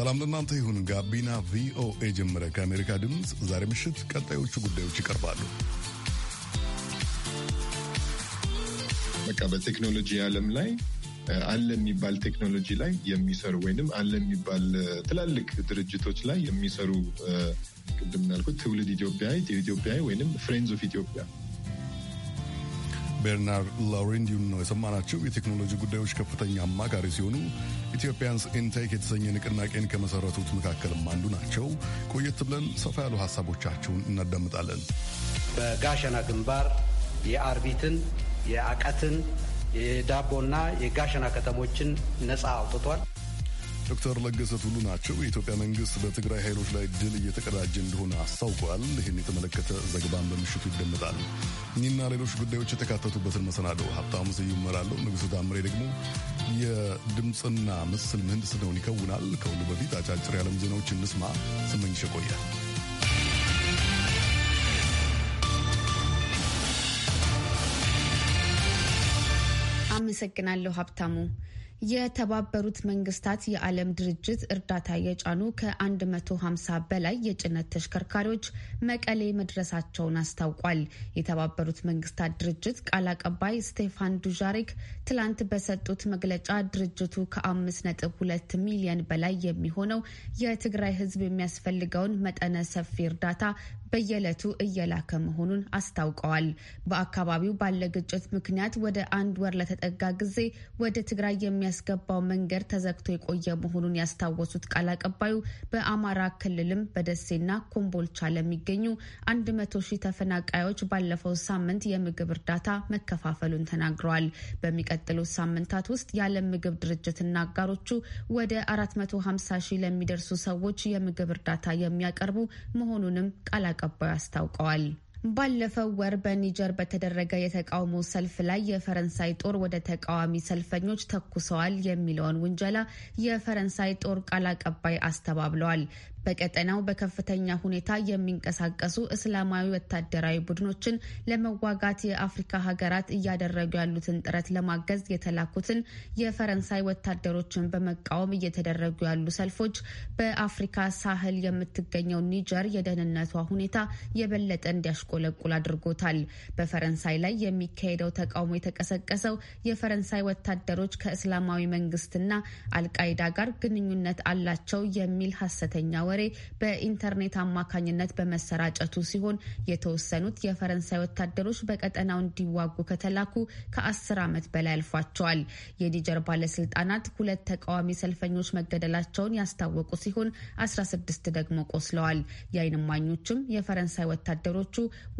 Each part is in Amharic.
ሰላም ለእናንተ ይሁን። ጋቢና ቪኦኤ ጀመረ። ከአሜሪካ ድምፅ ዛሬ ምሽት ቀጣዮቹ ጉዳዮች ይቀርባሉ። በቃ በቴክኖሎጂ ዓለም ላይ አለ የሚባል ቴክኖሎጂ ላይ የሚሰሩ ወይንም አለ የሚባል ትላልቅ ድርጅቶች ላይ የሚሰሩ ቅድም ትውልድ ኢትዮጵያ ኢትዮጵያ ወይንም ፍሬንዝ ኦፍ ኢትዮጵያ ቤርናርድ ላውሬንዲዩን ነው የሰማናቸው። የቴክኖሎጂ ጉዳዮች ከፍተኛ አማካሪ ሲሆኑ ኢትዮጵያንስ ኢንቴክ የተሰኘ ንቅናቄን ከመሰረቱት መካከልም አንዱ ናቸው። ቆየት ብለን ሰፋ ያሉ ሀሳቦቻቸውን እናዳምጣለን። በጋሸና ግንባር የአርቢትን፣ የአቀትን፣ የዳቦና የጋሸና ከተሞችን ነፃ አውጥቷል። ዶክተር ለገሰ ቱሉ ናቸው። የኢትዮጵያ መንግስት በትግራይ ኃይሎች ላይ ድል እየተቀዳጀ እንደሆነ አስታውቋል። ይህን የተመለከተ ዘገባን በምሽቱ ይደመጣል። እኒና ሌሎች ጉዳዮች የተካተቱበትን መሰናደው ሀብታሙ ስዩም እመራለሁ። ንጉሥ ታምሬ ደግሞ የድምፅና ምስል ምህንድስናውን ይከውናል። ከሁሉ በፊት አጫጭር የዓለም ዜናዎች እንስማ። ስመኝሽ ቆያል። አመሰግናለሁ ሀብታሙ። የተባበሩት መንግስታት የዓለም ድርጅት እርዳታ የጫኑ ከ150 በላይ የጭነት ተሽከርካሪዎች መቀሌ መድረሳቸውን አስታውቋል። የተባበሩት መንግስታት ድርጅት ቃል አቀባይ ስቴፋን ዱዣሪክ ትላንት በሰጡት መግለጫ ድርጅቱ ከ5.2 ሚሊየን በላይ የሚሆነው የትግራይ ሕዝብ የሚያስፈልገውን መጠነ ሰፊ እርዳታ በየዕለቱ እየላከ መሆኑን አስታውቀዋል። በአካባቢው ባለ ግጭት ምክንያት ወደ አንድ ወር ለተጠጋ ጊዜ ወደ ትግራይ የሚያስገባው መንገድ ተዘግቶ የቆየ መሆኑን ያስታወሱት ቃል አቀባዩ በአማራ ክልልም በደሴና ኮምቦልቻ ለሚገኙ 100 ሺህ ተፈናቃዮች ባለፈው ሳምንት የምግብ እርዳታ መከፋፈሉን ተናግረዋል። በሚቀጥሉት ሳምንታት ውስጥ የዓለም ምግብ ድርጅትና አጋሮቹ ወደ 450 ሺህ ለሚደርሱ ሰዎች የምግብ እርዳታ የሚያቀርቡ መሆኑንም ቃል አቀባዩ አስታውቀዋል። ባለፈው ወር በኒጀር በተደረገ የተቃውሞ ሰልፍ ላይ የፈረንሳይ ጦር ወደ ተቃዋሚ ሰልፈኞች ተኩሰዋል የሚለውን ውንጀላ የፈረንሳይ ጦር ቃል አቀባይ አስተባብለዋል። በቀጠናው በከፍተኛ ሁኔታ የሚንቀሳቀሱ እስላማዊ ወታደራዊ ቡድኖችን ለመዋጋት የአፍሪካ ሀገራት እያደረጉ ያሉትን ጥረት ለማገዝ የተላኩትን የፈረንሳይ ወታደሮችን በመቃወም እየተደረጉ ያሉ ሰልፎች በአፍሪካ ሳህል የምትገኘው ኒጀር የደህንነቷ ሁኔታ የበለጠ እንዲያሽቆለቁል አድርጎታል። በፈረንሳይ ላይ የሚካሄደው ተቃውሞ የተቀሰቀሰው የፈረንሳይ ወታደሮች ከእስላማዊ መንግስትና አልቃይዳ ጋር ግንኙነት አላቸው የሚል ሀሰተኛ ወሬ በኢንተርኔት አማካኝነት በመሰራጨቱ ሲሆን የተወሰኑት የፈረንሳይ ወታደሮች በቀጠናው እንዲዋጉ ከተላኩ ከአስር ዓመት በላይ አልፏቸዋል። የኒጀር ባለስልጣናት ሁለት ተቃዋሚ ሰልፈኞች መገደላቸውን ያስታወቁ ሲሆን 16 ደግሞ ቆስለዋል። የአይንማኞችም እማኞችም የፈረንሳይ ወታደሮቹ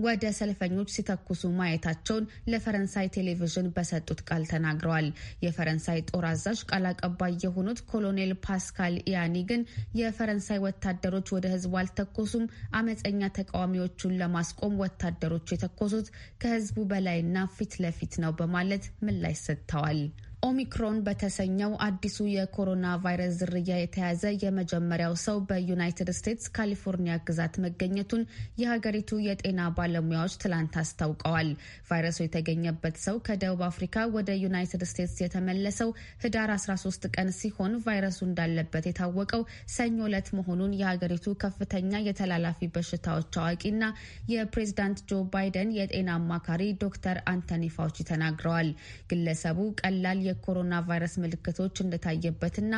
ወደ ሰልፈኞች ሲተኩሱ ማየታቸውን ለፈረንሳይ ቴሌቪዥን በሰጡት ቃል ተናግረዋል። የፈረንሳይ ጦር አዛዥ ቃል አቀባይ የሆኑት ኮሎኔል ፓስካል ኢያኒ ግን የፈረንሳይ ወ ወታደሮች ወደ ህዝቡ አልተኮሱም። አመፀኛ ተቃዋሚዎቹን ለማስቆም ወታደሮቹ የተኮሱት ከህዝቡ በላይና ፊት ለፊት ነው በማለት ምላሽ ሰጥተዋል። ኦሚክሮን በተሰኘው አዲሱ የኮሮና ቫይረስ ዝርያ የተያዘ የመጀመሪያው ሰው በዩናይትድ ስቴትስ ካሊፎርኒያ ግዛት መገኘቱን የሀገሪቱ የጤና ባለሙያዎች ትላንት አስታውቀዋል። ቫይረሱ የተገኘበት ሰው ከደቡብ አፍሪካ ወደ ዩናይትድ ስቴትስ የተመለሰው ህዳር 13 ቀን ሲሆን ቫይረሱ እንዳለበት የታወቀው ሰኞ ዕለት መሆኑን የሀገሪቱ ከፍተኛ የተላላፊ በሽታዎች አዋቂና የፕሬዚዳንት ጆ ባይደን የጤና አማካሪ ዶክተር አንቶኒ ፋውቺ ተናግረዋል። ግለሰቡ ቀላል የኮሮና ቫይረስ ምልክቶች እንደታየበትና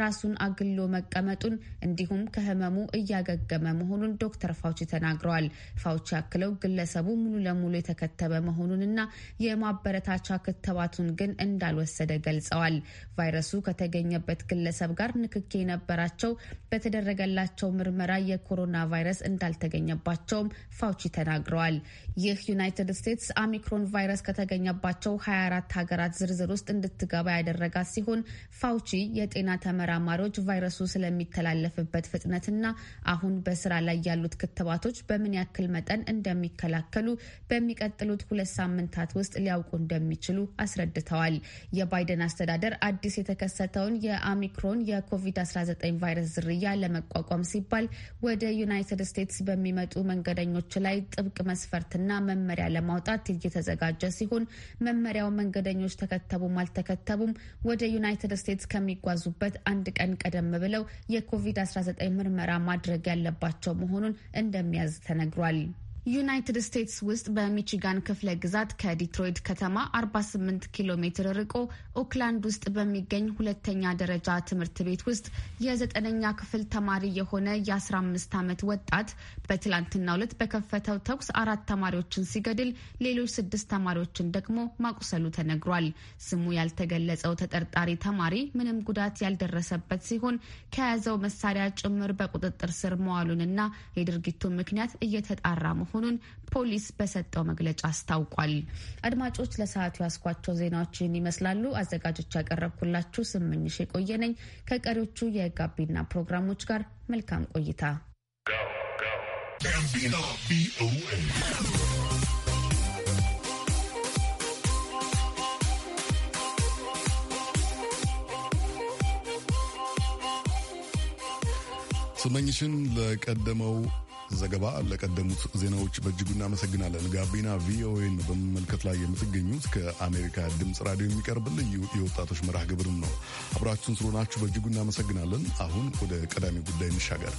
ራሱን አግሎ መቀመጡን እንዲሁም ከህመሙ እያገገመ መሆኑን ዶክተር ፋውቺ ተናግረዋል። ፋውቺ አክለው ግለሰቡ ሙሉ ለሙሉ የተከተበ መሆኑንና የማበረታቻ ክትባቱን ግን እንዳልወሰደ ገልጸዋል። ቫይረሱ ከተገኘበት ግለሰብ ጋር ንክኬ የነበራቸው በተደረገላቸው ምርመራ የኮሮና ቫይረስ እንዳልተገኘባቸውም ፋውቺ ተናግረዋል። ይህ ዩናይትድ ስቴትስ ኦሚክሮን ቫይረስ ከተገኘባቸው 24 ሀገራት ዝርዝር ውስጥ እንድትገባ ያደረጋት ሲሆን ፋውቺ የጤና ተመራማሪዎች ቫይረሱ ስለሚተላለፍበት ፍጥነትና አሁን በስራ ላይ ያሉት ክትባቶች በምን ያክል መጠን እንደሚከላከሉ በሚቀጥሉት ሁለት ሳምንታት ውስጥ ሊያውቁ እንደሚችሉ አስረድተዋል። የባይደን አስተዳደር አዲስ የተከሰተውን የኦሚክሮን የኮቪድ-19 ቫይረስ ዝርያ ለመቋቋም ሲባል ወደ ዩናይትድ ስቴትስ በሚመጡ መንገደኞች ላይ ጥብቅ መስፈርትና መመሪያ ለማውጣት እየተዘጋጀ ሲሆን መመሪያው መንገደኞች ተከተቡም አልተከ ከተከተቡም ወደ ዩናይትድ ስቴትስ ከሚጓዙበት አንድ ቀን ቀደም ብለው የኮቪድ-19 ምርመራ ማድረግ ያለባቸው መሆኑን እንደሚያዝ ተነግሯል። ዩናይትድ ስቴትስ ውስጥ በሚቺጋን ክፍለ ግዛት ከዲትሮይት ከተማ 48 ኪሎ ሜትር ርቆ ኦክላንድ ውስጥ በሚገኝ ሁለተኛ ደረጃ ትምህርት ቤት ውስጥ የዘጠነኛ ክፍል ተማሪ የሆነ የ15 ዓመት ወጣት በትላንትናው ዕለት በከፈተው ተኩስ አራት ተማሪዎችን ሲገድል ሌሎች ስድስት ተማሪዎችን ደግሞ ማቁሰሉ ተነግሯል። ስሙ ያልተገለጸው ተጠርጣሪ ተማሪ ምንም ጉዳት ያልደረሰበት ሲሆን ከያዘው መሳሪያ ጭምር በቁጥጥር ስር መዋሉንና የድርጊቱን ምክንያት እየተጣራ መሆኑን መሆኑን ፖሊስ በሰጠው መግለጫ አስታውቋል። አድማጮች ለሰዓቱ ያስኳቸው ዜናዎችን ይመስላሉ። አዘጋጆች ያቀረብኩላችሁ ስምኝሽ የቆየ ነኝ። ከቀሪዎቹ የጋቢና ፕሮግራሞች ጋር መልካም ቆይታ። ስመኝሽን ለቀደመው ዘገባ ለቀደሙት ዜናዎች በእጅጉ እናመሰግናለን። ጋቢና ቪኦኤን በመመልከት ላይ የምትገኙት ከአሜሪካ ድምፅ ራዲዮ የሚቀርብ ልዩ የወጣቶች መርሃ ግብርም ነው። አብራችሁን ስለሆናችሁ በእጅጉ እናመሰግናለን። አሁን ወደ ቀዳሚ ጉዳይ እንሻገር።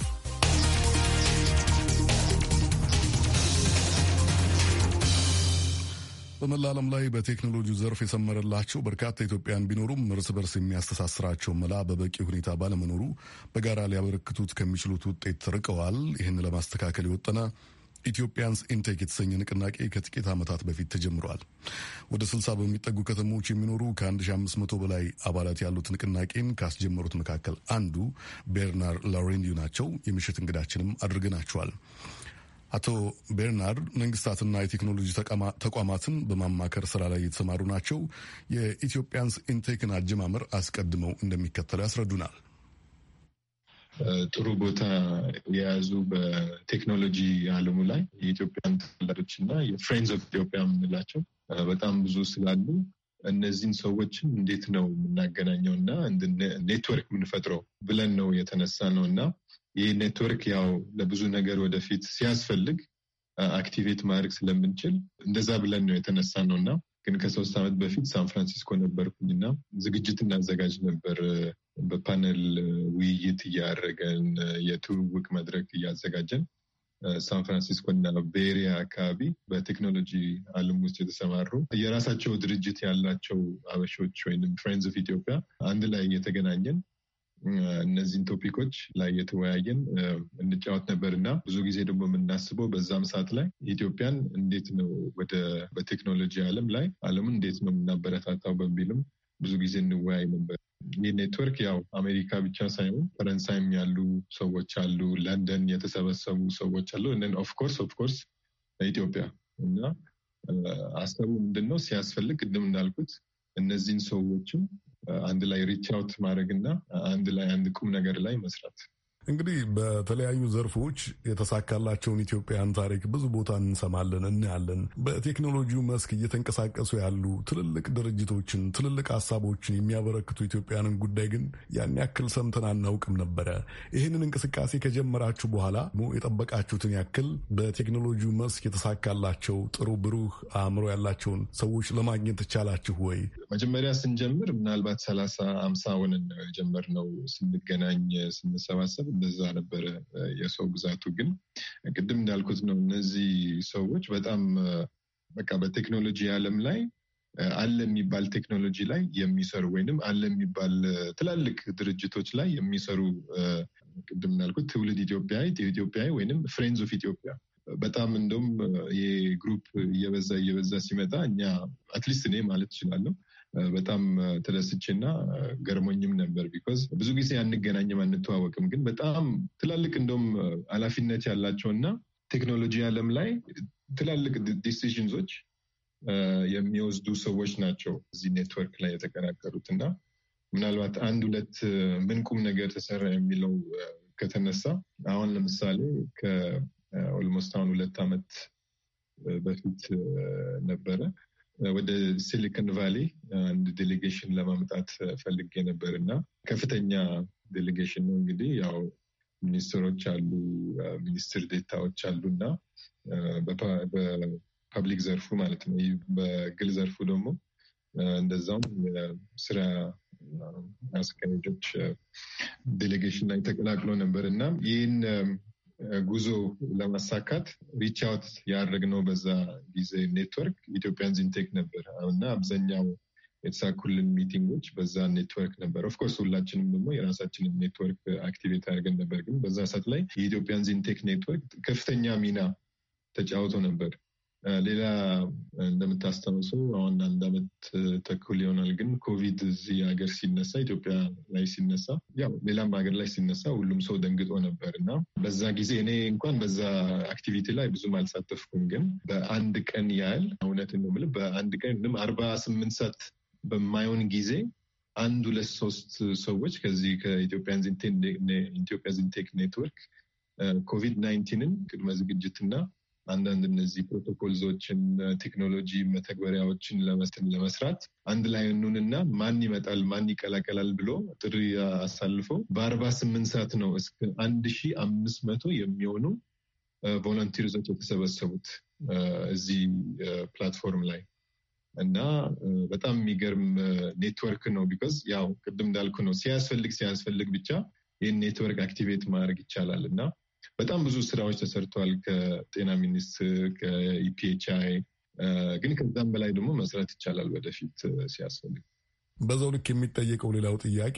በመላ ዓለም ላይ በቴክኖሎጂው ዘርፍ የሰመረላቸው በርካታ ኢትዮጵያን ቢኖሩም እርስ በርስ የሚያስተሳስራቸው መላ በበቂ ሁኔታ ባለመኖሩ በጋራ ሊያበረክቱት ከሚችሉት ውጤት ርቀዋል። ይህን ለማስተካከል የወጠነ ኢትዮጵያንስ ኢንቴክ የተሰኘ ንቅናቄ ከጥቂት ዓመታት በፊት ተጀምሯል። ወደ 60 በሚጠጉ ከተሞች የሚኖሩ ከ1500 በላይ አባላት ያሉት ንቅናቄን ካስጀመሩት መካከል አንዱ ቤርናር ላውሬንዲዩ ናቸው። የምሽት እንግዳችንም አድርገናቸዋል። አቶ ቤርናርድ መንግስታትና የቴክኖሎጂ ተቋማትን በማማከር ስራ ላይ የተሰማሩ ናቸው። የኢትዮጵያንስ ኢንቴክን አጀማመር አስቀድመው እንደሚከተለው ያስረዱናል። ጥሩ ቦታ የያዙ በቴክኖሎጂ አለሙ ላይ የኢትዮጵያን ተወላዶች እና የፍሬንድስ ኦፍ ኢትዮጵያ የምንላቸው በጣም ብዙ ስላሉ እነዚህን ሰዎችን እንዴት ነው የምናገናኘው እና ኔትወርክ የምንፈጥረው ብለን ነው የተነሳ ነው እና ይህ ኔትወርክ ያው ለብዙ ነገር ወደፊት ሲያስፈልግ አክቲቬት ማድረግ ስለምንችል እንደዛ ብለን ነው የተነሳ ነው እና ግን ከሶስት ዓመት በፊት ሳን ፍራንሲስኮ እና ዝግጅት እናዘጋጅ ነበር። በፓነል ውይይት እያደረገን የትውውቅ መድረክ እያዘጋጀን ሳን ፍራንሲስኮ እና ቤሪያ አካባቢ በቴክኖሎጂ ዓለም ውስጥ የተሰማሩ የራሳቸው ድርጅት ያላቸው አበሾች ወይም ፍሬንድስ ኦፍ ኢትዮጵያ አንድ ላይ እየተገናኘን እነዚህን ቶፒኮች ላይ የተወያየን እንጫወት ነበር እና ብዙ ጊዜ ደግሞ የምናስበው በዛም ሰዓት ላይ ኢትዮጵያን እንዴት ነው ወደ በቴክኖሎጂ አለም ላይ ዓለምን እንዴት ነው የምናበረታታው በሚልም ብዙ ጊዜ እንወያይ ነበር። ይህ ኔትወርክ ያው አሜሪካ ብቻ ሳይሆን ፈረንሳይም ያሉ ሰዎች አሉ፣ ለንደን የተሰበሰቡ ሰዎች አሉ። ኦፍኮርስ ኦፍኮርስ ኢትዮጵያ እና አሰቡ ምንድን ነው ሲያስፈልግ ቅድም እንዳልኩት እነዚህን ሰዎችም አንድ ላይ ሪች አውት ማድረግ እና አንድ ላይ አንድ ቁም ነገር ላይ መስራት እንግዲህ በተለያዩ ዘርፎች የተሳካላቸውን ኢትዮጵያን ታሪክ ብዙ ቦታ እንሰማለን፣ እናያለን። በቴክኖሎጂው መስክ እየተንቀሳቀሱ ያሉ ትልልቅ ድርጅቶችን፣ ትልልቅ ሀሳቦችን የሚያበረክቱ ኢትዮጵያንን ጉዳይ ግን ያን ያክል ሰምተን አናውቅም ነበረ። ይህንን እንቅስቃሴ ከጀመራችሁ በኋላ የጠበቃችሁትን ያክል በቴክኖሎጂው መስክ የተሳካላቸው ጥሩ ብሩህ አእምሮ ያላቸውን ሰዎች ለማግኘት ትቻላችሁ ወይ? መጀመሪያ ስንጀምር ምናልባት ሰላሳ አምሳውን ነው የጀመርነው ስንገናኝ ስንሰባሰብ እንደዛ ነበረ የሰው ብዛቱ። ግን ቅድም እንዳልኩት ነው እነዚህ ሰዎች በጣም በቃ በቴክኖሎጂ ዓለም ላይ አለ የሚባል ቴክኖሎጂ ላይ የሚሰሩ ወይንም አለ የሚባል ትላልቅ ድርጅቶች ላይ የሚሰሩ ቅድም እንዳልኩት ትውልድ ኢትዮጵያዊ ኢትዮጵያዊ ወይንም ፍሬንዝ ኦፍ ኢትዮጵያ በጣም እንደውም ይሄ ግሩፕ እየበዛ እየበዛ ሲመጣ እኛ አትሊስት እኔ ማለት እችላለሁ በጣም ተደስቼና ገርሞኝም ነበር። ቢኮዝ ብዙ ጊዜ አንገናኝም፣ አንተዋወቅም። ግን በጣም ትላልቅ እንደውም ኃላፊነት እና ቴክኖሎጂ ዓለም ላይ ትላልቅ ዲሲዥንዞች የሚወስዱ ሰዎች ናቸው እዚህ ኔትወርክ ላይ የተቀናቀሩት እና ምናልባት አንድ ሁለት ምን ቁም ነገር ተሰራ የሚለው ከተነሳ አሁን ለምሳሌ ከኦልሞስት አሁን ሁለት ዓመት በፊት ነበረ ወደ ሲሊኮን ቫሊ አንድ ዴሌጌሽን ለማምጣት ፈልጌ ነበር እና ከፍተኛ ዴሌጌሽን ነው እንግዲህ ያው ሚኒስትሮች አሉ፣ ሚኒስትር ዴታዎች አሉ እና በፐብሊክ ዘርፉ ማለት ነው። በግል ዘርፉ ደግሞ እንደዛውም ስራ አስኪያጆች ዴሌጌሽን ላይ ተቀላቅሎ ነበር እና ይህን ጉዞ ለማሳካት ሪቻውት ያደረግነው በዛ ጊዜ ኔትወርክ ኢትዮጵያን ኢንቴክ ነበር እና አብዛኛው የተሳኩልን ሚቲንጎች በዛ ኔትወርክ ነበር። ኦፍኮርስ ሁላችንም ደግሞ የራሳችንን ኔትወርክ አክቲቬት አድርገን ነበር። ግን በዛ ሰዓት ላይ የኢትዮጵያን ኢንቴክ ኔትወርክ ከፍተኛ ሚና ተጫውቶ ነበር። ሌላ እንደምታስታውሱ አሁን አንድ ዓመት ተኩል ይሆናል ግን ኮቪድ እዚህ ሀገር ሲነሳ ኢትዮጵያ ላይ ሲነሳ ያው ሌላም ሀገር ላይ ሲነሳ ሁሉም ሰው ደንግጦ ነበር እና በዛ ጊዜ እኔ እንኳን በዛ አክቲቪቲ ላይ ብዙም አልሳተፍኩም። ግን በአንድ ቀን ያህል እውነት ነው የምልህ በአንድ ቀን አርባ ስምንት ሰዓት በማይሆን ጊዜ አንድ ሁለት ሶስት ሰዎች ከዚህ ከኢትዮጵያ ኢትዮጵያ ዚንቴክ ኔትወርክ ኮቪድ ናይንቲንን ቅድመ ዝግጅትና አንዳንድ እነዚህ ፕሮቶኮልዞችን፣ ቴክኖሎጂ መተግበሪያዎችን ለመስራት አንድ ላይ እኑንና ማን ይመጣል ማን ይቀላቀላል ብሎ ጥሪ አሳልፎ በአርባ ስምንት ሰዓት ነው እስከ አንድ ሺ አምስት መቶ የሚሆኑ ቮለንቲርዞች የተሰበሰቡት እዚህ ፕላትፎርም ላይ እና በጣም የሚገርም ኔትወርክ ነው። ቢኮዝ ያው ቅድም እንዳልኩ ነው ሲያስፈልግ ሲያስፈልግ ብቻ ይህን ኔትወርክ አክቲቬት ማድረግ ይቻላል እና በጣም ብዙ ስራዎች ተሰርተዋል ከጤና ሚኒስትር ከኢፒኤችአይ ግን ከዛም በላይ ደግሞ መስራት ይቻላል ወደፊት ሲያስፈልግ። በዛው ልክ የሚጠየቀው ሌላው ጥያቄ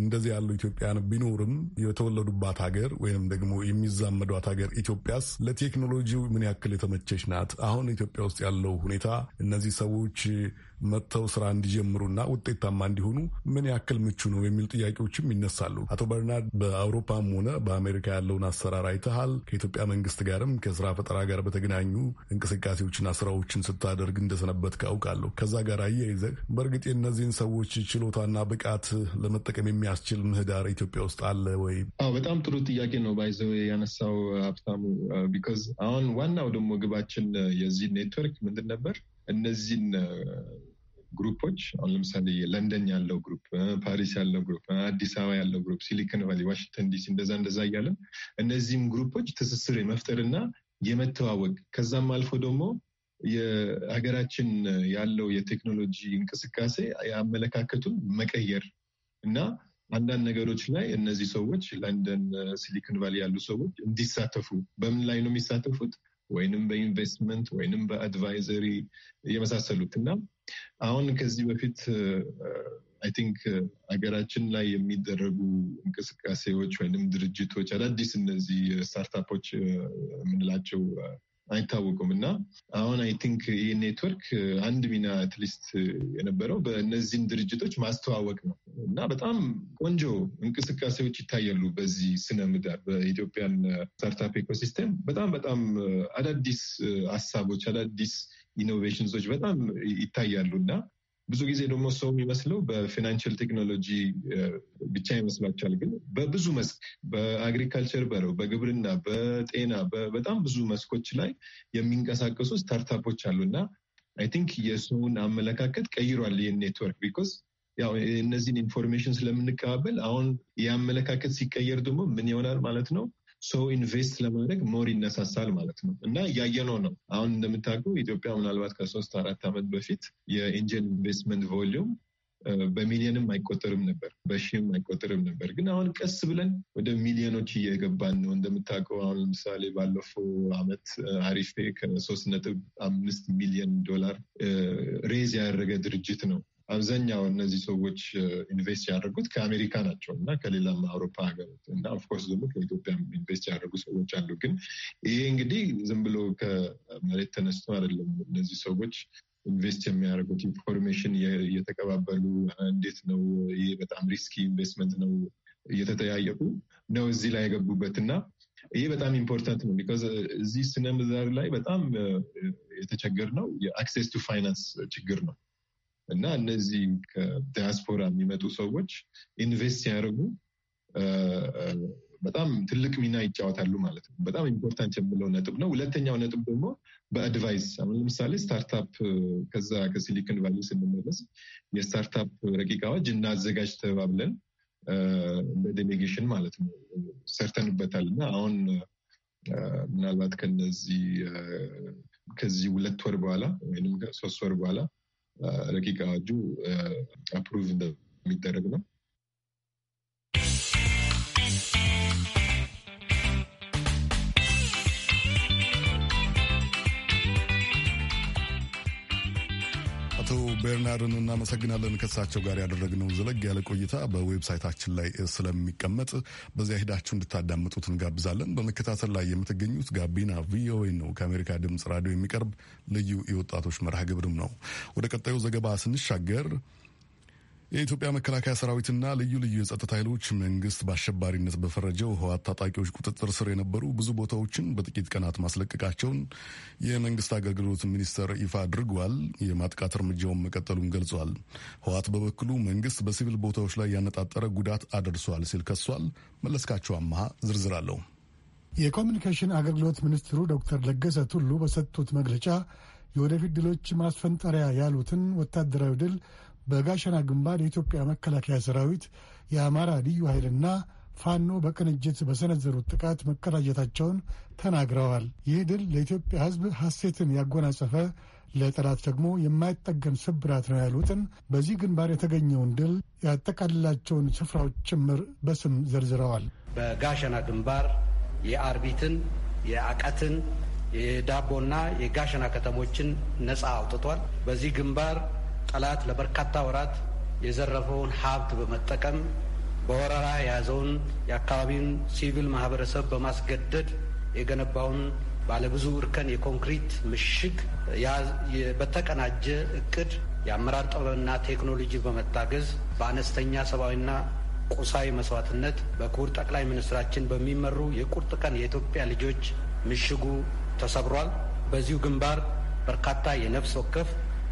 እንደዚህ ያሉ ኢትዮጵያን ቢኖርም የተወለዱባት ሀገር ወይም ደግሞ የሚዛመዷት ሀገር ኢትዮጵያስ ለቴክኖሎጂው ምን ያክል የተመቸች ናት? አሁን ኢትዮጵያ ውስጥ ያለው ሁኔታ እነዚህ ሰዎች መጥተው ስራ እንዲጀምሩና ውጤታማ እንዲሆኑ ምን ያክል ምቹ ነው የሚሉ ጥያቄዎችም ይነሳሉ። አቶ በርናርድ በአውሮፓም ሆነ በአሜሪካ ያለውን አሰራር አይተሃል። ከኢትዮጵያ መንግስት ጋርም ከስራ ፈጠራ ጋር በተገናኙ እንቅስቃሴዎችና ስራዎችን ስታደርግ እንደሰነበት ካውቃለሁ። ከዛ ጋር አያይዘህ በእርግጥ የእነዚህን ሰዎች ችሎታና ብቃት ለመጠቀም የሚያስችል ምህዳር ኢትዮጵያ ውስጥ አለ ወይ? በጣም ጥሩ ጥያቄ ነው ባይዘው ያነሳው ሀብታሙ። ቢኮዝ አሁን ዋናው ደግሞ ግባችን የዚህ ኔትወርክ ምንድን ነበር እነዚህን ግሩፖች አሁን ለምሳሌ ለንደን ያለው ግሩፕ፣ ፓሪስ ያለው ግሩፕ፣ አዲስ አበባ ያለው ግሩፕ፣ ሲሊኮን ቫሊ፣ ዋሽንግተን ዲሲ እንደዛ እንደዛ እያለ እነዚህም ግሩፖች ትስስር የመፍጠርና የመተዋወቅ ከዛም አልፎ ደግሞ የሀገራችን ያለው የቴክኖሎጂ እንቅስቃሴ የአመለካከቱን መቀየር እና አንዳንድ ነገሮች ላይ እነዚህ ሰዎች ለንደን ሲሊኮን ቫሊ ያሉ ሰዎች እንዲሳተፉ በምን ላይ ነው የሚሳተፉት? ወይንም በኢንቨስትመንት ወይንም በአድቫይዘሪ የመሳሰሉት እና አሁን ከዚህ በፊት አይ ቲንክ ሀገራችን ላይ የሚደረጉ እንቅስቃሴዎች ወይንም ድርጅቶች አዳዲስ እነዚህ ስታርታፖች የምንላቸው አይታወቁም እና አሁን አይ ቲንክ ይህ ኔትወርክ አንድ ሚና አትሊስት uh, የነበረው በእነዚህን ድርጅቶች ማስተዋወቅ ነው እና በጣም ቆንጆ እንቅስቃሴዎች ይታያሉ። በዚህ ስነ ምህዳር በኢትዮጵያን ስታርታፕ uh, ኢኮሲስተም በጣም በጣም uh, አዳዲስ ሀሳቦች፣ አዳዲስ ኢኖቬሽንሶች በጣም ይታያሉ እና ብዙ ጊዜ ደግሞ ሰው የሚመስለው በፊናንሽል ቴክኖሎጂ ብቻ ይመስላቸዋል። ግን በብዙ መስክ በአግሪካልቸር፣ በረው በግብርና፣ በጤና በጣም ብዙ መስኮች ላይ የሚንቀሳቀሱ ስታርታፖች አሉ እና አይ ቲንክ የሰውን አመለካከት ቀይሯል ይህን ኔትወርክ ቢኮዝ ያው እነዚህን ኢንፎርሜሽን ስለምንቀባበል አሁን የአመለካከት ሲቀየር ደግሞ ምን ይሆናል ማለት ነው ሰው ኢንቨስት ለማድረግ ሞር ይነሳሳል ማለት ነው እና እያየነው ነው። አሁን እንደምታውቀው ኢትዮጵያ ምናልባት ከሶስት አራት ዓመት በፊት የኢንጂን ኢንቨስትመንት ቮሊዩም በሚሊዮንም አይቆጠርም ነበር፣ በሺህም አይቆጠርም ነበር። ግን አሁን ቀስ ብለን ወደ ሚሊዮኖች እየገባን ነው። እንደምታውቀው አሁን ለምሳሌ ባለፈው አመት አሪፌ ከሶስት ነጥብ አምስት ሚሊዮን ዶላር ሬዝ ያደረገ ድርጅት ነው አብዛኛው እነዚህ ሰዎች ኢንቨስት ያደርጉት ከአሜሪካ ናቸው እና ከሌላም አውሮፓ ሀገር እና ኦፍኮርስ ደግሞ ከኢትዮጵያ ኢንቨስት ያደርጉ ሰዎች አሉ። ግን ይሄ እንግዲህ ዝም ብሎ ከመሬት ተነስቶ አይደለም። እነዚህ ሰዎች ኢንቨስት የሚያደርጉት ኢንፎርሜሽን እየተቀባበሉ እንዴት ነው ይሄ በጣም ሪስኪ ኢንቨስትመንት ነው እየተጠያየቁ ነው እዚህ ላይ የገቡበት እና ይሄ በጣም ኢምፖርታንት ነው። ቢካዝ እዚህ ስነ ምዛር ላይ በጣም የተቸገር ነው የአክሴስ ቱ ፋይናንስ ችግር ነው። እና እነዚህ ከዲያስፖራ የሚመጡ ሰዎች ኢንቨስት ሲያደርጉ በጣም ትልቅ ሚና ይጫወታሉ ማለት ነው። በጣም ኢምፖርታንት የምለው ነጥብ ነው። ሁለተኛው ነጥብ ደግሞ በአድቫይስ አሁን ለምሳሌ ስታርታፕ ከዛ ከሲሊኮን ቫሊ ስንመለስ የስታርታፕ ረቂቅ አዋጅ እናዘጋጅ ተባብለን ዴሌጌሽን ማለት ነው ሰርተንበታል እና አሁን ምናልባት ከነዚህ ከዚህ ሁለት ወር በኋላ ወይም ሶስት ወር በኋላ ረቂቅ አዋጁ አፕሩቭ እንደሚደረግ ነው። ዳርን እናመሰግናለን። ከሳቸው ጋር ያደረግነው ዘለግ ያለ ቆይታ በዌብሳይታችን ላይ ስለሚቀመጥ በዚያ ሄዳችሁ እንድታዳምጡት እንጋብዛለን። በመከታተል ላይ የምትገኙት ጋቢና ቪኦኤ ነው፣ ከአሜሪካ ድምፅ ራዲዮ የሚቀርብ ልዩ የወጣቶች መርሃ ግብርም ነው። ወደ ቀጣዩ ዘገባ ስንሻገር የኢትዮጵያ መከላከያ ሰራዊትና ልዩ ልዩ የጸጥታ ኃይሎች መንግስት በአሸባሪነት በፈረጀው ህወሓት ታጣቂዎች ቁጥጥር ስር የነበሩ ብዙ ቦታዎችን በጥቂት ቀናት ማስለቀቃቸውን የመንግስት አገልግሎት ሚኒስቴር ይፋ አድርጓል። የማጥቃት እርምጃውን መቀጠሉን ገልጿል። ህወሓት በበኩሉ መንግስት በሲቪል ቦታዎች ላይ ያነጣጠረ ጉዳት አደርሷል ሲል ከሷል። መለስካቸው አመሃ ዝርዝር አለው። የኮሚኒኬሽን አገልግሎት ሚኒስትሩ ዶክተር ለገሰ ቱሉ በሰጡት መግለጫ የወደፊት ድሎች ማስፈንጠሪያ ያሉትን ወታደራዊ ድል በጋሸና ግንባር የኢትዮጵያ መከላከያ ሰራዊት የአማራ ልዩ ኃይልና ፋኖ በቅንጅት በሰነዘሩት ጥቃት መቀዳጀታቸውን ተናግረዋል። ይህ ድል ለኢትዮጵያ ሕዝብ ሐሴትን ያጎናጸፈ ለጠላት ደግሞ የማይጠገም ስብራት ነው ያሉትን በዚህ ግንባር የተገኘውን ድል ያጠቃልላቸውን ስፍራዎች ጭምር በስም ዘርዝረዋል። በጋሸና ግንባር የአርቢትን፣ የአቀትን፣ የዳቦና የጋሸና ከተሞችን ነጻ አውጥቷል። በዚህ ግንባር ጠላት ለበርካታ ወራት የዘረፈውን ሀብት በመጠቀም በወረራ የያዘውን የአካባቢውን ሲቪል ማህበረሰብ በማስገደድ የገነባውን ባለብዙ እርከን የኮንክሪት ምሽግ በተቀናጀ እቅድ የአመራር ጥበብና ቴክኖሎጂ በመታገዝ በአነስተኛ ሰብአዊና ቁሳዊ መስዋዕትነት በክቡር ጠቅላይ ሚኒስትራችን በሚመሩ የቁርጥ ቀን የኢትዮጵያ ልጆች ምሽጉ ተሰብሯል። በዚሁ ግንባር በርካታ የነፍስ ወከፍ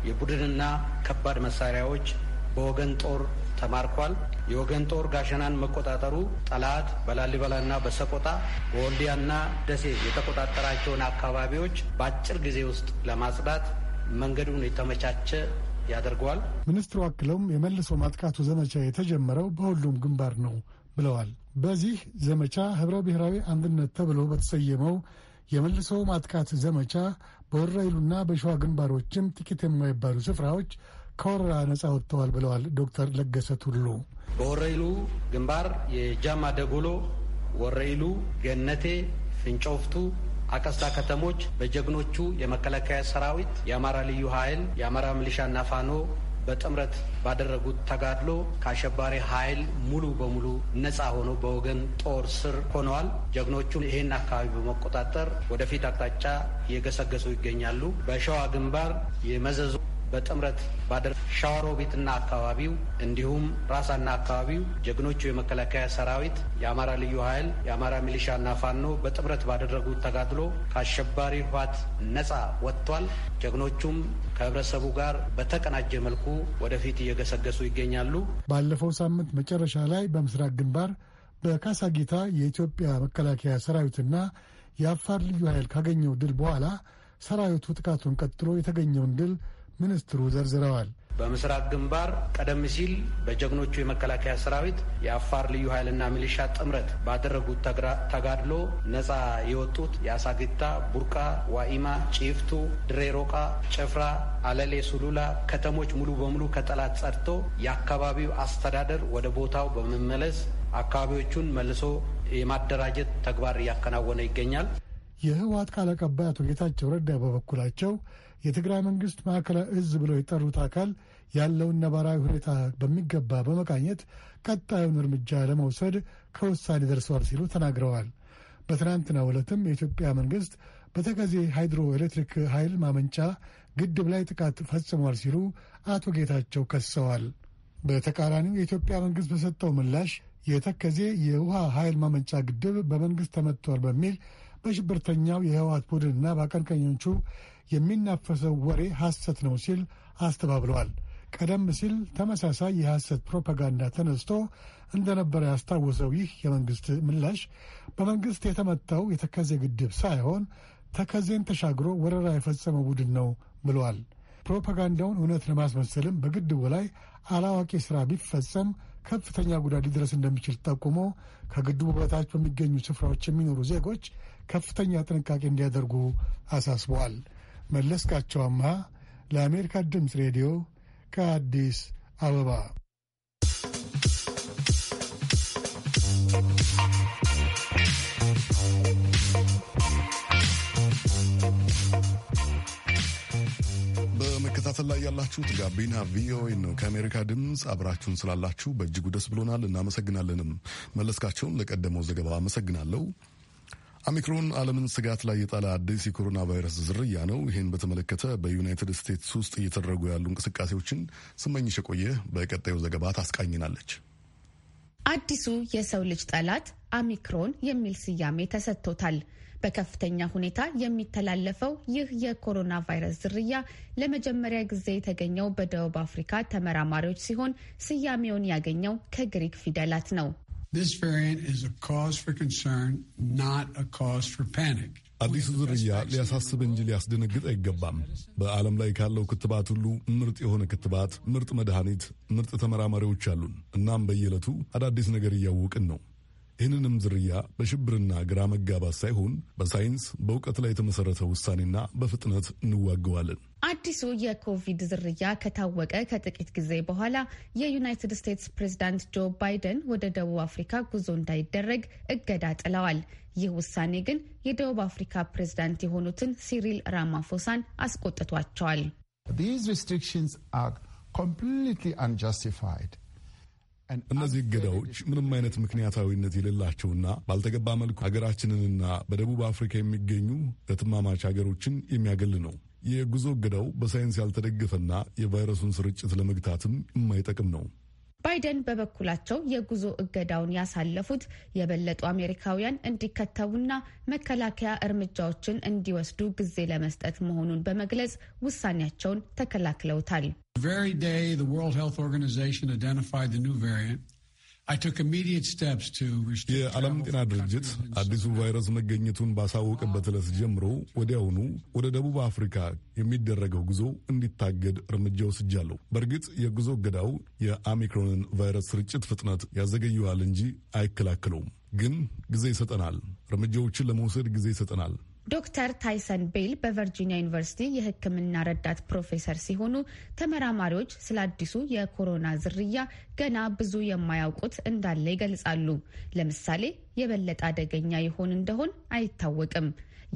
የቡድንና ከባድ መሳሪያዎች በወገን ጦር ተማርኳል። የወገን ጦር ጋሸናን መቆጣጠሩ ጠላት በላሊበላና በሰቆጣ በወልዲያና ደሴ የተቆጣጠራቸውን አካባቢዎች በአጭር ጊዜ ውስጥ ለማጽዳት መንገዱን የተመቻቸ ያደርገዋል። ሚኒስትሩ አክለውም የመልሶ ማጥቃቱ ዘመቻ የተጀመረው በሁሉም ግንባር ነው ብለዋል። በዚህ ዘመቻ ህብረ ብሔራዊ አንድነት ተብሎ በተሰየመው የመልሶ ማጥቃት ዘመቻ በወረይሉና በሸዋ ግንባሮችም ጥቂት የማይባሉ ስፍራዎች ከወረራ ነጻ ወጥተዋል ብለዋል ዶክተር ለገሰ ቱሉ። በወረይሉ ግንባር የጃማ ደጎሎ፣ ወረይሉ፣ ገነቴ፣ ፍንጮፍቱ አቀስታ ከተሞች በጀግኖቹ የመከላከያ ሰራዊት፣ የአማራ ልዩ ኃይል፣ የአማራ ሚሊሻና ፋኖ በጥምረት ባደረጉት ተጋድሎ ከአሸባሪ ኃይል ሙሉ በሙሉ ነጻ ሆኖ በወገን ጦር ስር ሆነዋል። ጀግኖቹም ይህን አካባቢ በመቆጣጠር ወደፊት አቅጣጫ እየገሰገሱ ይገኛሉ። በሸዋ ግንባር የመዘዙ በጥምረት ባደረ ቤትና አካባቢው እንዲሁም ራሳና አካባቢው ጀግኖቹ የመከላከያ ሰራዊት፣ የአማራ ልዩ ኃይል፣ የአማራ ሚሊሻና ፋኖ በጥምረት ባደረጉት ተጋድሎ ከአሸባሪ ህወሓት ነጻ ወጥቷል። ጀግኖቹም ከህብረተሰቡ ጋር በተቀናጀ መልኩ ወደፊት እየገሰገሱ ይገኛሉ። ባለፈው ሳምንት መጨረሻ ላይ በምስራቅ ግንባር በካሳጊታ የኢትዮጵያ መከላከያ ሰራዊትና የአፋር ልዩ ኃይል ካገኘው ድል በኋላ ሰራዊቱ ጥቃቱን ቀጥሎ የተገኘውን ድል ሚኒስትሩ ዘርዝረዋል። በምስራቅ ግንባር ቀደም ሲል በጀግኖቹ የመከላከያ ሰራዊት የአፋር ልዩ ኃይልና ሚሊሻ ጥምረት ባደረጉት ተጋድሎ ነጻ የወጡት የአሳግታ፣ ቡርቃ፣ ዋኢማ፣ ጭፍቱ፣ ድሬ ሮቃ፣ ጭፍራ፣ አለሌ፣ ሱሉላ ከተሞች ሙሉ በሙሉ ከጠላት ጸድቶ የአካባቢው አስተዳደር ወደ ቦታው በመመለስ አካባቢዎቹን መልሶ የማደራጀት ተግባር እያከናወነ ይገኛል። የህወሀት ቃል አቀባይ አቶ ጌታቸው ረዳ በበኩላቸው የትግራይ መንግስት ማዕከላዊ እዝ ብለው የጠሩት አካል ያለውን ነባራዊ ሁኔታ በሚገባ በመቃኘት ቀጣዩን እርምጃ ለመውሰድ ከውሳኔ ደርሰዋል ሲሉ ተናግረዋል። በትናንትናው ዕለትም የኢትዮጵያ መንግስት በተከዜ ሃይድሮ ኤሌክትሪክ ኃይል ማመንጫ ግድብ ላይ ጥቃት ፈጽሟል ሲሉ አቶ ጌታቸው ከሰዋል። በተቃራኒው የኢትዮጵያ መንግስት በሰጠው ምላሽ የተከዜ የውሃ ኃይል ማመንጫ ግድብ በመንግስት ተመትቷል በሚል በሽብርተኛው የህወሓት ቡድንና በአቀንቃኞቹ የሚናፈሰው ወሬ ሐሰት ነው ሲል አስተባብለዋል። ቀደም ሲል ተመሳሳይ የሐሰት ፕሮፓጋንዳ ተነስቶ እንደነበረ ያስታወሰው ይህ የመንግስት ምላሽ በመንግስት የተመታው የተከዜ ግድብ ሳይሆን ተከዜን ተሻግሮ ወረራ የፈጸመው ቡድን ነው ብለዋል። ፕሮፓጋንዳውን እውነት ለማስመሰልም በግድቡ ላይ አላዋቂ ሥራ ቢፈጸም ከፍተኛ ጉዳት ሊደረስ እንደሚችል ጠቁሞ ከግድቡ በታች በሚገኙ ስፍራዎች የሚኖሩ ዜጎች ከፍተኛ ጥንቃቄ እንዲያደርጉ አሳስበዋል። መለስካቸው አምሃ ለአሜሪካ ድምፅ ሬዲዮ ከአዲስ አበባ። በመከታተል ላይ ያላችሁት ጋቢና ቪኦኤ ነው። ከአሜሪካ ድምፅ አብራችሁን ስላላችሁ በእጅጉ ደስ ብሎናል፣ እናመሰግናለንም። መለስካቸውን ለቀደመው ዘገባ አመሰግናለሁ። ኦሚክሮን ዓለምን ስጋት ላይ የጣለ አዲስ የኮሮና ቫይረስ ዝርያ ነው። ይህን በተመለከተ በዩናይትድ ስቴትስ ውስጥ እየተደረጉ ያሉ እንቅስቃሴዎችን ስመኝሽ ቆየ በቀጣዩ ዘገባ ታስቃኝናለች። አዲሱ የሰው ልጅ ጠላት ኦሚክሮን የሚል ስያሜ ተሰጥቶታል። በከፍተኛ ሁኔታ የሚተላለፈው ይህ የኮሮና ቫይረስ ዝርያ ለመጀመሪያ ጊዜ የተገኘው በደቡብ አፍሪካ ተመራማሪዎች ሲሆን ስያሜውን ያገኘው ከግሪክ ፊደላት ነው። አዲሱ ዝርያ ሊያሳስብ እንጂ ሊያስደነግጥ አይገባም። በዓለም ላይ ካለው ክትባት ሁሉ ምርጥ የሆነ ክትባት፣ ምርጥ መድኃኒት፣ ምርጥ ተመራማሪዎች አሉን። እናም በየዕለቱ አዳዲስ ነገር እያወቅን ነው። ይህንንም ዝርያ በሽብርና ግራ መጋባት ሳይሆን በሳይንስ በእውቀት ላይ የተመሠረተ ውሳኔና በፍጥነት እንዋገዋለን። አዲሱ የኮቪድ ዝርያ ከታወቀ ከጥቂት ጊዜ በኋላ የዩናይትድ ስቴትስ ፕሬዝዳንት ጆ ባይደን ወደ ደቡብ አፍሪካ ጉዞ እንዳይደረግ እገዳ ጥለዋል። ይህ ውሳኔ ግን የደቡብ አፍሪካ ፕሬዝዳንት የሆኑትን ሲሪል ራማፎሳን አስቆጥቷቸዋል። These restrictions are completely unjustified. እነዚህ እገዳዎች ምንም አይነት ምክንያታዊነት የሌላቸውና ባልተገባ መልኩ ሀገራችንንና በደቡብ አፍሪካ የሚገኙ እህትማማች ሀገሮችን የሚያገል ነው። የጉዞ እገዳው በሳይንስ ያልተደገፈና የቫይረሱን ስርጭት ለመግታትም የማይጠቅም ነው። ባይደን በበኩላቸው የጉዞ እገዳውን ያሳለፉት የበለጡ አሜሪካውያን እንዲከተቡና መከላከያ እርምጃዎችን እንዲወስዱ ጊዜ ለመስጠት መሆኑን በመግለጽ ውሳኔያቸውን ተከላክለውታል። The very day the World Health Organization identified the new variant, የዓለም ጤና ድርጅት አዲሱ ቫይረስ መገኘቱን ባሳወቀበት ዕለት ጀምሮ ወዲያውኑ ወደ ደቡብ አፍሪካ የሚደረገው ጉዞ እንዲታገድ እርምጃ ወስጃለሁ። በእርግጥ የጉዞ እገዳው የኦሚክሮንን ቫይረስ ስርጭት ፍጥነት ያዘገየዋል እንጂ አይከላከለውም። ግን ጊዜ ይሰጠናል፣ እርምጃዎችን ለመውሰድ ጊዜ ይሰጠናል። ዶክተር ታይሰን ቤል በቨርጂኒያ ዩኒቨርሲቲ የሕክምና ረዳት ፕሮፌሰር ሲሆኑ ተመራማሪዎች ስለ አዲሱ የኮሮና ዝርያ ገና ብዙ የማያውቁት እንዳለ ይገልጻሉ። ለምሳሌ የበለጠ አደገኛ ይሆን እንደሆን አይታወቅም።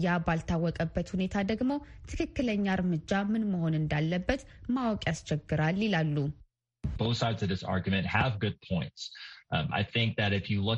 ያ ባልታወቀበት ሁኔታ ደግሞ ትክክለኛ እርምጃ ምን መሆን እንዳለበት ማወቅ ያስቸግራል ይላሉ። Both sides of this argument have good points. በሁለቱም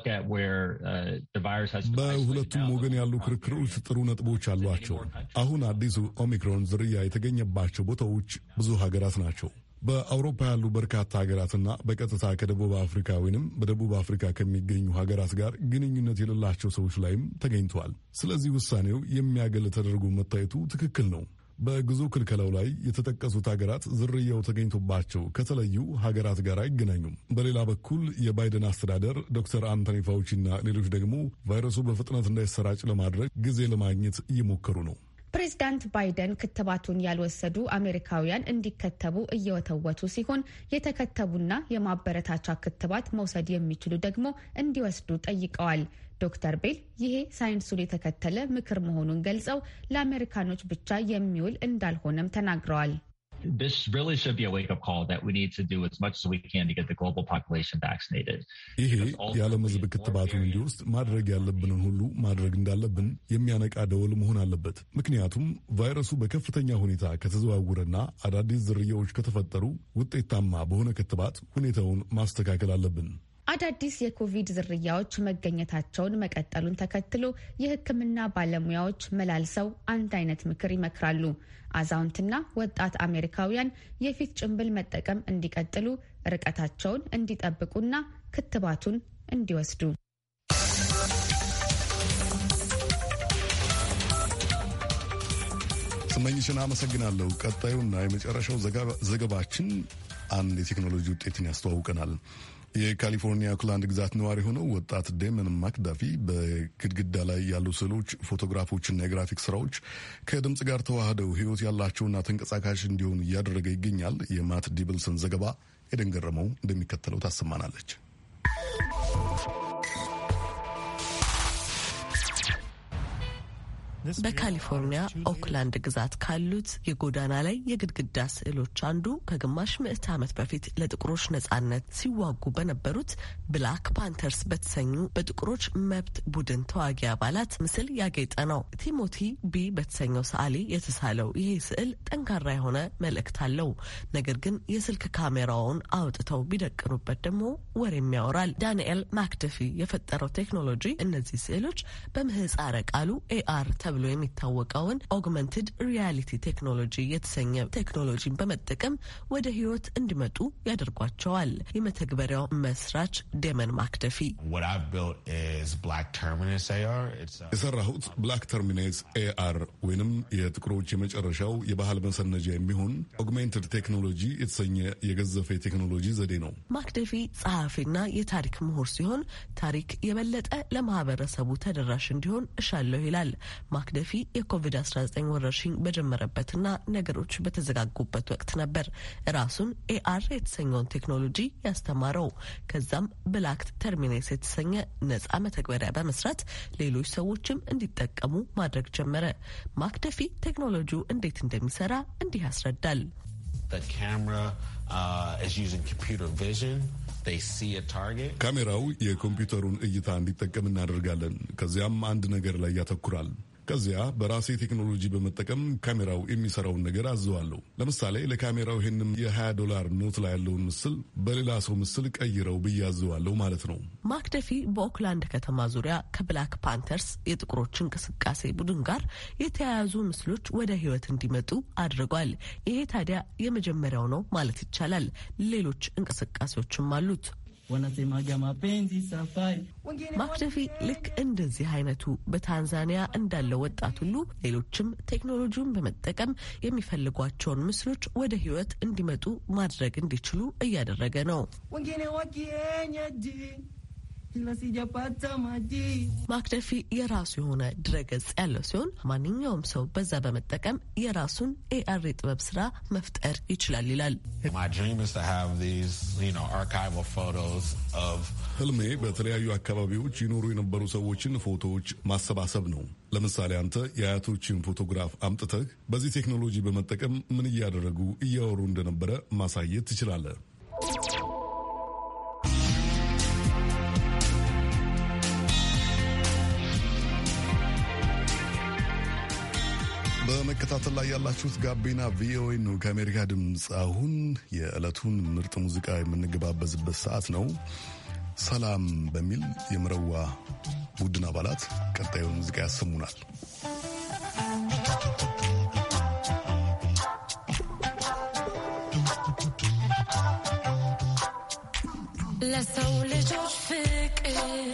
um, uh, ወገን ያሉ ክርክሮች ጥሩ ነጥቦች አሏቸው። አሁን አዲሱ ኦሚክሮን ዝርያ የተገኘባቸው ቦታዎች ብዙ ሀገራት ናቸው። በአውሮፓ ያሉ በርካታ ሀገራትና በቀጥታ ከደቡብ አፍሪካ ወይንም በደቡብ አፍሪካ ከሚገኙ ሀገራት ጋር ግንኙነት የሌላቸው ሰዎች ላይም ተገኝተዋል። ስለዚህ ውሳኔው የሚያገል ተደርጎ መታየቱ ትክክል ነው። በጉዞ ክልከላው ላይ የተጠቀሱት ሀገራት ዝርያው ተገኝቶባቸው ከተለዩ ሀገራት ጋር አይገናኙም። በሌላ በኩል የባይደን አስተዳደር ዶክተር አንቶኒ ፋውቺና ሌሎች ደግሞ ቫይረሱ በፍጥነት እንዳይሰራጭ ለማድረግ ጊዜ ለማግኘት እየሞከሩ ነው። ፕሬዚዳንት ባይደን ክትባቱን ያልወሰዱ አሜሪካውያን እንዲከተቡ እየወተወቱ ሲሆን የተከተቡና የማበረታቻ ክትባት መውሰድ የሚችሉ ደግሞ እንዲወስዱ ጠይቀዋል። ዶክተር ቤል ይሄ ሳይንሱን የተከተለ ምክር መሆኑን ገልጸው ለአሜሪካኖች ብቻ የሚውል እንዳልሆነም ተናግረዋል። this really should be a wake up call that we need to do as much as we can to get the global population vaccinated. ይሄ የዓለም ሕዝብ ክትባቱን እንዲወስድ ማድረግ ያለብንን ሁሉ ማድረግ እንዳለብን የሚያነቃ ደወል መሆን አለበት። ምክንያቱም ቫይረሱ በከፍተኛ ሁኔታ ከተዘዋወረና አዳዲስ ዝርያዎች ከተፈጠሩ ውጤታማ በሆነ ክትባት ሁኔታውን ማስተካከል አለብን። አዳዲስ የኮቪድ ዝርያዎች መገኘታቸውን መቀጠሉን ተከትሎ የሕክምና ባለሙያዎች መላልሰው አንድ አይነት ምክር ይመክራሉ። አዛውንትና ወጣት አሜሪካውያን የፊት ጭንብል መጠቀም እንዲቀጥሉ፣ ርቀታቸውን እንዲጠብቁና ክትባቱን እንዲወስዱ ስመኝሽን አመሰግናለሁ። ቀጣዩና የመጨረሻው ዘገባችን አንድ የቴክኖሎጂ ውጤትን ያስተዋውቀናል። የካሊፎርኒያ ኦክላንድ ግዛት ነዋሪ የሆነው ወጣት ዴመን ማክዳፊ በግድግዳ ላይ ያሉ ስዕሎች፣ ፎቶግራፎችና የግራፊክ ስራዎች ከድምፅ ጋር ተዋህደው ህይወት ያላቸውና ተንቀሳቃሽ እንዲሆን እያደረገ ይገኛል። የማት ዲብልሰን ዘገባ የደንገረመው እንደሚከተለው ታሰማናለች። በካሊፎርኒያ ኦክላንድ ግዛት ካሉት የጎዳና ላይ የግድግዳ ስዕሎች አንዱ ከግማሽ ምዕተ ዓመት በፊት ለጥቁሮች ነጻነት ሲዋጉ በነበሩት ብላክ ፓንተርስ በተሰኙ በጥቁሮች መብት ቡድን ተዋጊ አባላት ምስል ያጌጠ ነው። ቲሞቲ ቢ በተሰኘው ሰዓሊ የተሳለው ይሄ ስዕል ጠንካራ የሆነ መልእክት አለው። ነገር ግን የስልክ ካሜራውን አውጥተው ቢደቅኑበት ደግሞ ወሬም ያወራል። ዳንኤል ማክደፊ የፈጠረው ቴክኖሎጂ እነዚህ ስዕሎች በምህፃረ ቃሉ ኤአር ተብሎ ተብሎ የሚታወቀውን ኦግመንትድ ሪያሊቲ ቴክኖሎጂ የተሰኘ ቴክኖሎጂን በመጠቀም ወደ ህይወት እንዲመጡ ያደርጓቸዋል። የመተግበሪያው መስራች ደመን ማክደፊ የሰራሁት ብላክ ተርሚኔት ኤአር ወይንም የጥቁሮች የመጨረሻው የባህል መሰነጃ የሚሆን ኦግሜንትድ ቴክኖሎጂ የተሰኘ የገዘፈ የቴክኖሎጂ ዘዴ ነው። ማክደፊ ጸሐፊና የታሪክ ምሁር ሲሆን ታሪክ የበለጠ ለማህበረሰቡ ተደራሽ እንዲሆን እሻለሁ ይላል። ማክደፊ የኮቪድ-19 ወረርሽኝ በጀመረበትና ነገሮች በተዘጋጉበት ወቅት ነበር ራሱን ኤአር የተሰኘውን ቴክኖሎጂ ያስተማረው። ከዛም ብላክት ተርሚኔስ የተሰኘ ነጻ መተግበሪያ በመስራት ሌሎች ሰዎችም እንዲጠቀሙ ማድረግ ጀመረ። ማክደፊ ቴክኖሎጂው እንዴት እንደሚሰራ እንዲህ ያስረዳል። uh, ካሜራው የኮምፒውተሩን እይታ እንዲጠቀም እናደርጋለን። ከዚያም አንድ ነገር ላይ ያተኩራል። ከዚያ በራሴ ቴክኖሎጂ በመጠቀም ካሜራው የሚሰራውን ነገር አዘዋለሁ። ለምሳሌ ለካሜራው ይህንም የ20 ዶላር ኖት ላይ ያለውን ምስል በሌላ ሰው ምስል ቀይረው ብዬ አዘዋለሁ ማለት ነው። ማክደፊ በኦክላንድ ከተማ ዙሪያ ከብላክ ፓንተርስ የጥቁሮች እንቅስቃሴ ቡድን ጋር የተያያዙ ምስሎች ወደ ህይወት እንዲመጡ አድርጓል። ይሄ ታዲያ የመጀመሪያው ነው ማለት ይቻላል። ሌሎች እንቅስቃሴዎችም አሉት። wanasemaga mapenzi safari. ማክደፊ ልክ እንደዚህ አይነቱ በታንዛኒያ እንዳለው ወጣት ሁሉ ሌሎችም ቴክኖሎጂውን በመጠቀም የሚፈልጓቸውን ምስሎች ወደ ህይወት እንዲመጡ ማድረግ እንዲችሉ እያደረገ ነው። ማክደፊ የራሱ የሆነ ድረገጽ ያለው ሲሆን ማንኛውም ሰው በዛ በመጠቀም የራሱን ኤአር ጥበብ ስራ መፍጠር ይችላል ይላል። ህልሜ በተለያዩ አካባቢዎች ይኖሩ የነበሩ ሰዎችን ፎቶዎች ማሰባሰብ ነው። ለምሳሌ አንተ የአያቶችን ፎቶግራፍ አምጥተህ በዚህ ቴክኖሎጂ በመጠቀም ምን እያደረጉ እያወሩ እንደነበረ ማሳየት ትችላለህ። በመከታተል ላይ ያላችሁት ጋቢና ቪኦኤ ነው ከአሜሪካ ድምፅ። አሁን የዕለቱን ምርጥ ሙዚቃ የምንገባበዝበት ሰዓት ነው። ሰላም በሚል የምረዋ ቡድን አባላት ቀጣዩን ሙዚቃ ያሰሙናል። ለሰው ልጆች ፍቅር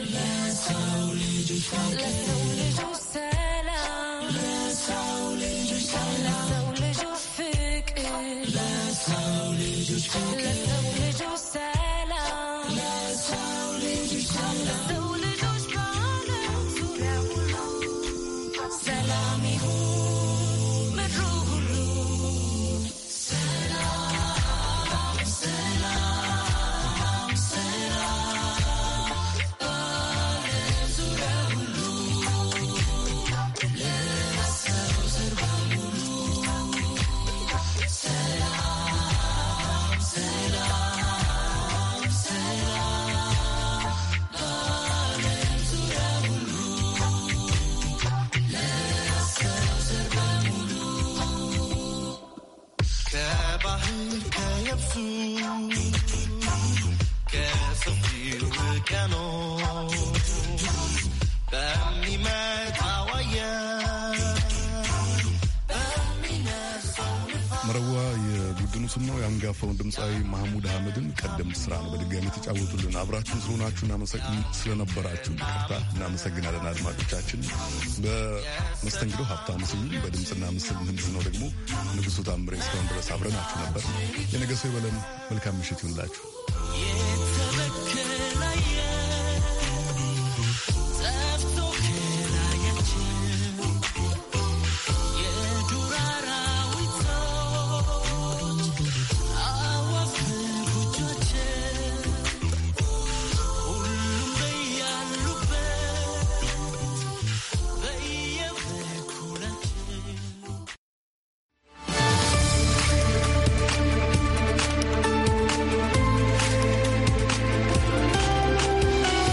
የአዲሱና የአንጋፋውን ድምፃዊ ማህሙድ አህመድን ቀደምት ነው በድጋሚ የተጫወቱልን አብራችሁን ስለሆናችሁ ስለነበራችሁ ይቅርታ እናመሰግናለን። አድማጮቻችን በመስተንግዶ ሀብታሙ ስዩም፣ በድምፅና ምስል ምህንድስ ነው ደግሞ ንጉሱ ታምሬ። እስካሁን ድረስ አብረናችሁ ነበር። የነገ ሰው ይበለን። መልካም ምሽት ይሁንላችሁ።